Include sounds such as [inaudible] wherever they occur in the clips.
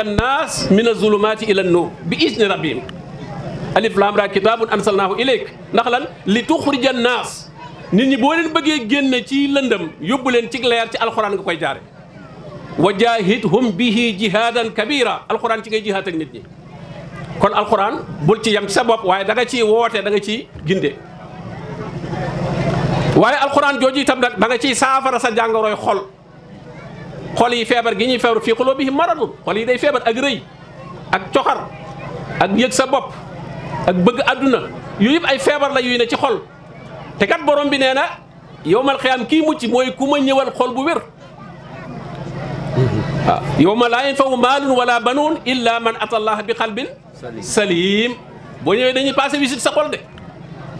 الناس من الظلمات إلى النور بإذن ربهم ألف لام را كتاب أنزلناه إليك نخلا لتخرج الناس nit ñi boo leen bëggee génn ci lëndëm yóbbu leen ci leer ci alxuraan nga koy jaare wa jaahidhum bihi jihaadan kabira alxuraan ci ngay jihaat ak nit ñi kon alxuraan bul ci yam ci sa bopp waaye da nga ciy woote da nga ciy ginde waaye alxuraan jooju itam nag da nga ciy saafara sa jàngoroy xol xol yi feebar gi ñuy feebar fii qulubihim maradun xol yi day feebar ak rëy ak coxar ak yëg sa bopp ak bëgg àdduna yooyu yëpp ay feebar la yuy ne ci xol te kat borom bi nee na yowmal xiyaam kii mucc mooy ku ma ñëwal xol bu wér waaw yowma laa yanfau maalun wala banuun illa man ata allah bi qalbin salim boo ñëwee dañuy passé visite sa xol de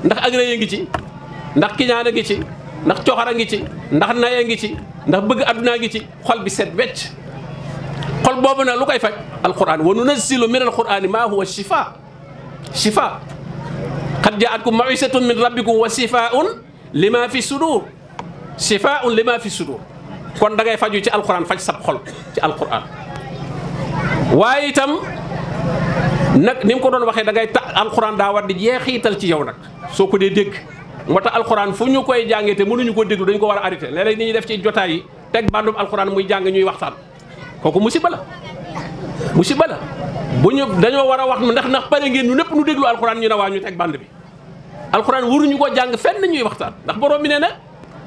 ndax ak agré ngi ci ndax kiñaan a ngi ci ndax coxar a ngi ci ndax nay ngi ci ndax bëgg addunaa ngi ci xol bi set wecc xol boobu nag lu koy faj alquran wa nunazzilu min alqurani ma huwa shifa shifa qad jaatkum mawisatun min rabbikum wa shifaun lima fi sudur shifaun lima fi sudur kon da ngay faju ci alquran faj sab xol ci alquran waaye itam nag ni mu ko doon waxee da ngay ta alquran daa war di jeexiital ci yow nag soo ko dee dégg moo tax alxuraan fu ñu koy jàngee te mënuñu koo déglu dañu ko war a arrêté léeg-léeg ni ñuy def ci jotaay yi teg bandum alxuraan muy jàng ñuy waxtaan kooku musiba la musiba la bu ñu dañoo war a wax ndax ndax pare ngeen ñu lépp nu déglu alxuraan ñu ne waa ñu teg band bi alxuraan waruñu koo jàng fenn ñuy waxtaan ndax boroom bi nee na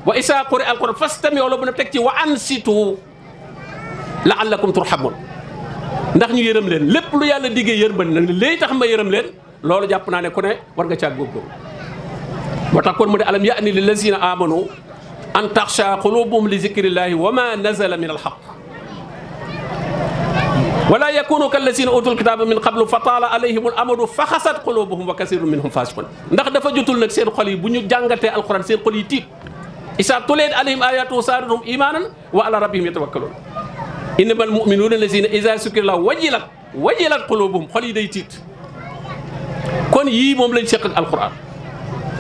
wa isaa quri alxuraan fastami'u lahu bu na teg ci wa ansitu la'allakum turhamun ndax ñu yërëm leen lépp lu yàlla diggee yërëm ba ne léey tax ma leen loolu jàpp naa ne ku ne war nga caa góorgóorlu وتكون من ألم يأني للذين آمنوا أن تخشى قلوبهم لذكر الله وما نزل من الحق ولا يكونوا كالذين أوتوا الكتاب من قبل فطال عليهم الأمر فخست قلوبهم وكثير منهم فاسقون ندخ دفا جوتول نك سين خولي بو جانغاتي القران سين خولي تيت إذا تليت عليهم آيات وصارهم إيمانا وعلى ربهم يتوكلون إنما المؤمنون الذين إذا سكر الله وجلت وجلت قلوبهم خولي دي تيت كون يي موم لا القران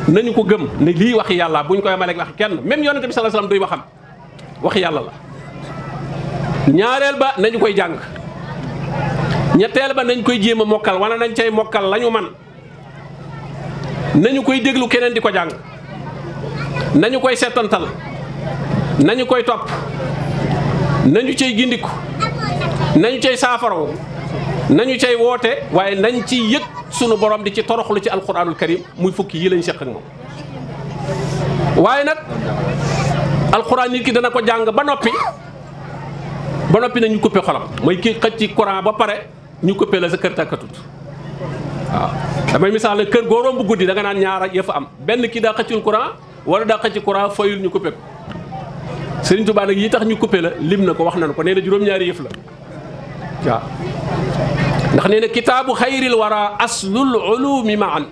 nañu ko gëm ne lii waxi yàlla bu ñu ko la wax kenn même yonente bi sallallahu alayhi wasallam duy waxam wax yàlla la ñaareel ba nañu koy jàng ñetteel ba nañ koy jéem a mokkal wala nañ cay mokkal lañu man nañu koy déglu keneen di ko jàng nañu koy setantal nañu koy topp nañu cay gindiku nañu cay saafaraw nañu cay woote waaye nañ ciy yëg sunu borom di ci toroxlu ci alquranul karim muy fukki yi lañ seq ak moom waaye nag alxuraan nit ki dana ko jàng ba noppi ba noppi na ñu coupé xolam mooy kii xëcc ci courant ba pare ñu coupé la sa kër tàkkatut waaw damay misaal ne kër góoróom bu guddi danga nga naan ñaara yëf am benn kii daa xëccul courant wala daa xëcc courant fayul ñu coupé ko Serigne Touba nag yi tax ñu coupé la lim na ko wax nañ ko nee na juróom-ñaari yëf la waaw ndax nee na kitaabu xayril wara aslul ulumi maan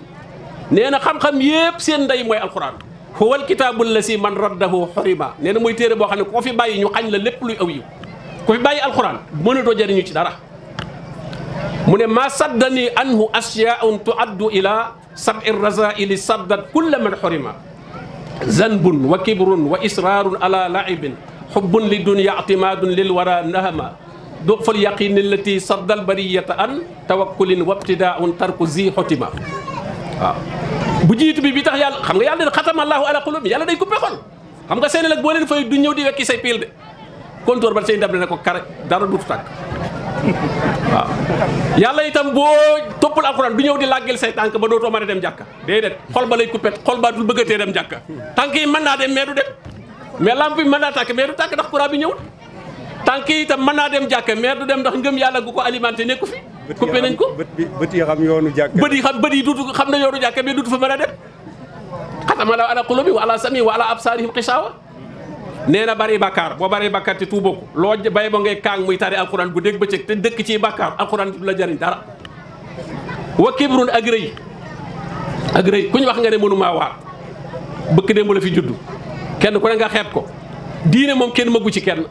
nee na xam-xam yépp seen ndey mooy alquran huwal kitaabu lasi man raddahu xurima nee na mooy téere boo xam ne koo fi bàyyi ñu xañ la lépp luy aw yiw ku fi bàyyi alquran mënatoo jëriñu ci dara mu ne maa saddani anhu asyaun tuaddu ila sabi razaili saddat kulla man xurima zanbun wa kibrun wa israarun ala laibin xubbun li dunya atimaadun lil wara nahama du'ful yaqin allati saddal bariyata an tawakkulin wabtidaa'un tarku zi xotima waaw bu jiitu bi bi tax yàlla xam nga yàlla ne xatama allahu ala qulubi yàlla day coupé xol xam nga seen nag boo leen fay du ñëw di wekki say piil de kontóor ba seen dab ne ko kare dara duutu tàkk [laughs] waaw yàlla itam boo toppul alxuraan bi ñëw di làggil say tànk ba dootoo ma de dem jàkka déedéet xol ba lay coupé xol ba dul bëggatee dem jàkka tànk yi mën naa dem mais du dem mais bi mën naa tàkk mais du tàkk ndax courant bi ñëwul tànk yi itam mën naa dem jàkka mais du dem ndax ngëm yàlla gu ko alimenté nekku fi. coupé nañ ko bët yi bët yi xam yoonu jàkka. bët yi xam bët yi duutu xam na yoonu jàkka mais duutu fa mën a dem. xatama la ala qulubi wa ala sami wa ala absarihim xisaawa nee na bari bàkkaar boo bari bàkkaar te tuuboo ko loo bay ba ngay kaang muy tari alquran bu dégg bëccëg te dëkk ci bàkkaar alquran du la jariñ dara. wa kibrun ak rëy ak rëy ku ñu wax nga ne mënu maa waar bëkk démb la fi judd kenn ku ne nga xeet ko diine moom kenn mëggu ci kenn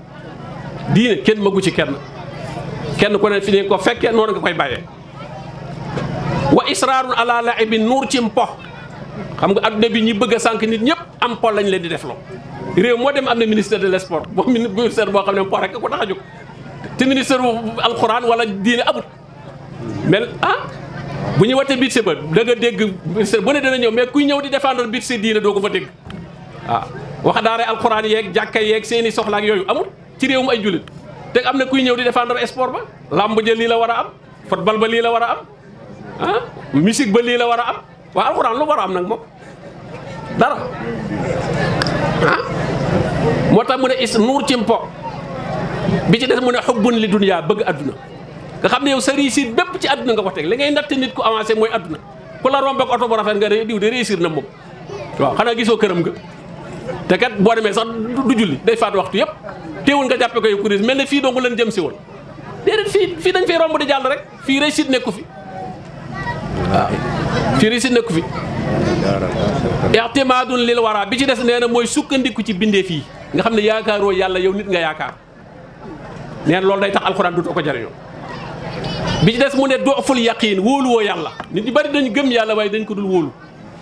diine kenn magu ci kenn kenn ku ne fi ne ko fekkee noonu nga koy bàyyee wa israarun ala laibi nuur ci mpo xam nga adduna bi ñi bëgg a sànq nit ñëpp am po lañ leen di def lo réew moo dem am na ministère de l' sport boo ministère boo xam ne mpo rek ko tax a jóg te ministère bu alxuraan wala diine amut mais ah bu ñu watee budget ba da dégg dégg ministère bu ne na ñëw mais kuy ñëw di défendre budget diine doo ko fa dégg waaw ah, wax daara alxuraan yeeg jàkka yeeg seeni soxla yooyu amul ci réewum ay jullit te am na kuy ñëw di défendre sport ba làmb ja lii la war a am football ba lii la war a am ah ba lii la war a am waa alxuraan lu war a am nag moom dara ah moo tax mu ne is nuur ci mpo bi ci des mu ne xubbun li duniyaa bëgg adduna nga xam ne yow sa réussite bépp ci adduna nga ko teg li ngay natt nit ku avancé mooy adduna ku la romb oto bu rafet nga ne diw de réussir na moom waaw xanaa gisoo këram nga te kat boo demee sax du julli day faat waxtu yëpp teewul nga jàppe ko yow kuréel mel na fii dong leen jëm si woon déedéet fii fii dañ fay romb di jàll rek fii réussite nekku fi waaw fii réussite nekku fi ixtimaadun lil wara bi ci des nee mooy sukkandiku ci bindee fii nga xam ne yaakaaroo yàlla yow nit nga yaakaar nee loolu day tax alxuraan du too ko jariñoo bi ci des mu ne doful yaqiin wóoluwoo yàlla nit ñi bari dañu gëm yàlla waaye dañ ko dul wóolu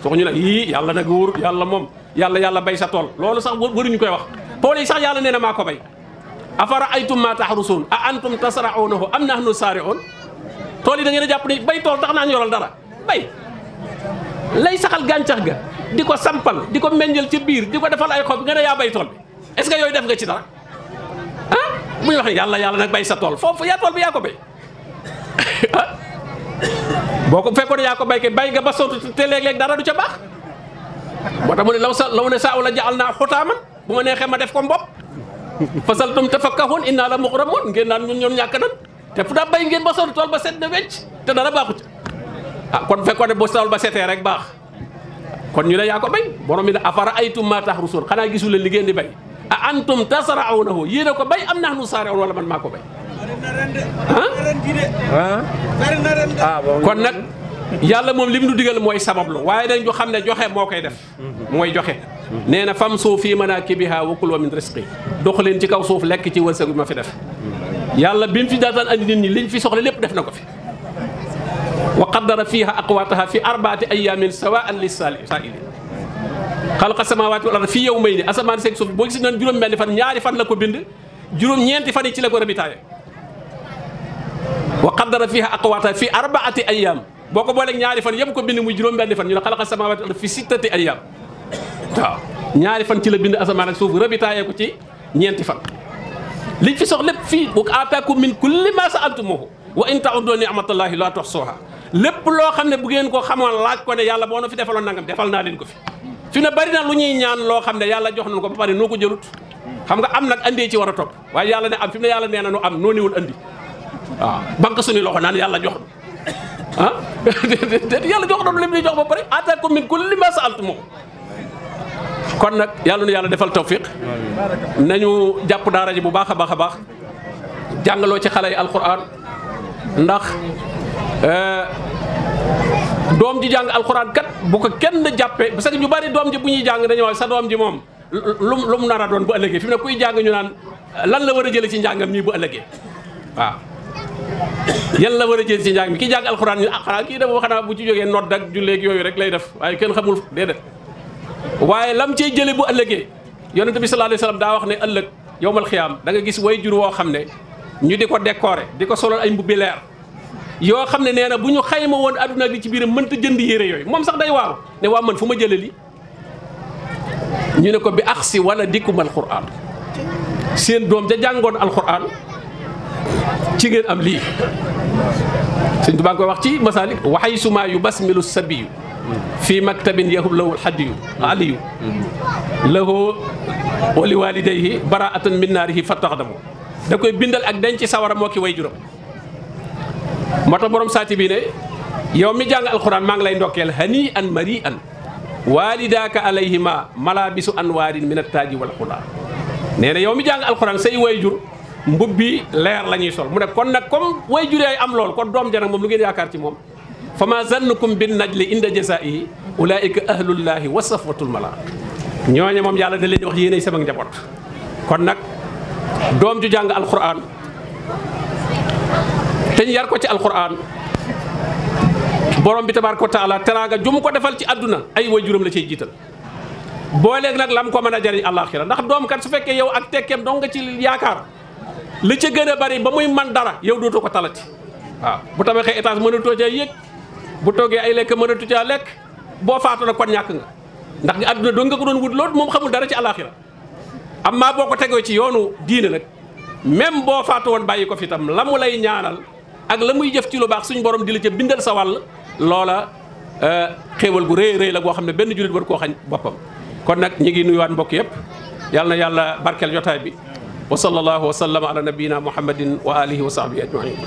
soo ñu nag yii yàlla nag wóorut yàlla moom yàlla yàlla bay sa tool loolu sax waruñu koy wax tool yi sax yàlla nee na ko bay afara aytum ma tahrusun a antum tasraunahu am nahnu saariun tool yi da ngeen jàpp ne bay tool tax naa ñu yoral dara bay lay saxal gàncax ga di ko sampal di ko meññal ci biir di ko defal ay xob nga ne yaa bay tool bi est-ce que yooyu def nga ci dara ah bu ñu wax ne yàlla yàlla nag bay sa tool foofu yaa tool bi bay [laughs] ah. boo ko fekkoon yaa ko bay kay bay nga ba sotu te léeg-léeg dara du ca baax boo tax mu ne law sa law ne saa la jaal naa xutaaman bu ma neexee ma def ko mbopp fasaltum tafakkahun inna la mughramun ngeen naan ñun ñoon ñàkk nan te fu daa bay ngeen ba sonn tool ba set na wecc te dara baaxut ah kon fekkoon ne boo tool ba setee rek baax ñu ne yaa ko bay borom mi ne afara aytum maa tahrusun xanaa gisu li ngeen di bay a antum tasra'unahu yéen a ko bay am nahnu saari'un wala man maa ko bay ah? kon nag yàlla moom lim du digal mooy sabablu waaye dañ ñu xam ne joxe moo koy def mooy joxe nee na fam suuf fii manaakibihaa wa kul wa min risqi dox leen ci kaw suuf lekk ci wërsëg bi ma fi def yàlla bi mu fi daataan andi nit ñi liñ fi soxla lépp def na ko fi wa qaddara fiiha aqwaataha fi arbaati ayaamin sawaan li saa'ilin xalqa samaawaati wal ard fi yawmayni asamaan seeg suuf boo gis noonu juróom benn fan ñaari fan la ko bind juróom ñeenti fan yi ci la ko rabitaaye wa qaddara fiiha aqwaataha fi arbaati ayaam boo ko booleeg ñaari fan yëpp ko bind muy juróom benn fan ñu ne xalqa samaawaati wal ard fi sittati ayaam waaw ñaari fan ci la bind asamaan ak suuf rabitaayee ko ci ñeenti fan liñ fi sox lépp fii bu aataakum min kulli maa sa'altumuuhu wa in ta'udduu ni'matallaahi laa tuhsuuhaa lépp loo xam ne bu ngeen ko xamoon laaj ko ne yàlla boo na fi defaloon nangam defal naa leen ko fi fi ne bari na lu ñuy ñaan loo xam ne yàlla jox nañ ko ba pare noo ko jëlut xam nga am nag andee ci war a topp waaye yàlla ne am fi ne yàlla nee na nu am noo niwul andi waaw banque suñu loxo naan yàlla jox ah [laughs] déedéet yàlla jox na lu lim ñuy kon nak yalla nu yalla defal tawfiq nañu japp daara ji bu baakha baakha baax jangalo ci xale alquran ndax euh, dom ji jang alquran kat bu ko kenn jappé bu sax ñu bari dom ji bu ñuy dañu wax sa dom ji mom lum lum nara doon bu ëllëgee fi kuy jang ñu naan lan la wara jël ci jangam mii bu ëllëgee wa yalla la war jël ci jang mi ki jang alquran ñu ah ki dafa xanaa bu ci jógee nodd ak julleeg rek lay def waye kenn xamul déedéet waaye lam cey jële bu ëllëgee yonent bi sallallahu alayhi daa wax ne ëllëg yowmal xiyaam danga gis way jur woo xam ne ñu di ko décorer di ko solal ay mbubbi leer yoo xam ne nee na bu ñu xayma woon adduna bi ci biir mënta jënd yére yooyu moom sax day waaru ne waa man fu ma jële li ñu ne ko bi ax si wala dikkum alquran seen doom ja jàngoon alquran ci ngeen am lii Sëñ Tuubaa koy wax ci masaalik waxay suma yu basmilu sabiyu في مكتب يهب له الحدي علي له ولوالديه براءة من ناره فتقدمه داكوي بيندال اك دنجي ساورا موكي وي جورو موتا بوروم ساتي بي ني يوم جان القران ماغ لاي ندوكيل هني ان مري ان والداك عليهما ملابس انوار من التاج والخلا نينا يوم جان القران سي وي جور مبوبي لير لا نيي سول مو نك كون نك كوم وي جوري ام لول كون دوم جان موم لوغي ياكار موم فما ظنكم بالنجل عند جزائي اولئك اهل الله wa الملائكه ñoñ mom yàlla da leen wax yene sama njabot kon nak dom ju jàng alquran teñ yar ko ci alquran borom bi tabaaraka taala teraanga jum ko defal ci aduna ay wajurum la cey jital bo leg nak lam ko meuna a jariñ àllaaxira ndax dom kat su fekke yow ak tekkeem do nga ci yaakaar li ci gën bari ba muy man dara yow dootoo ko talati waaw bu tabaxee étage mënatoo ca yek bu toogee ay lekk mënatu caa lekk boo faatu kon ñàkk nga ndax nga àdduna doon nga ko doon wut loolu moom xamul dara ci alaxira amma boo ko tegoo ci yoonu diine lag même boo faatu woon bàyyi ko fi tam la mu lay ñaanal ak la muy jëf ci lu baax suñu borom di la ca bindal sa wàll loola euh, xéewal gu rëy rëy la goo xam ne benn jullit war koo xañ boppam kon nag ñu ngi nuyuwaat mbokk yëpp yal na yàlla barkeel jotaay bi wa sallallahu wa sallam ala nabiina muhammadin wa alihi wa sahbihi ajmain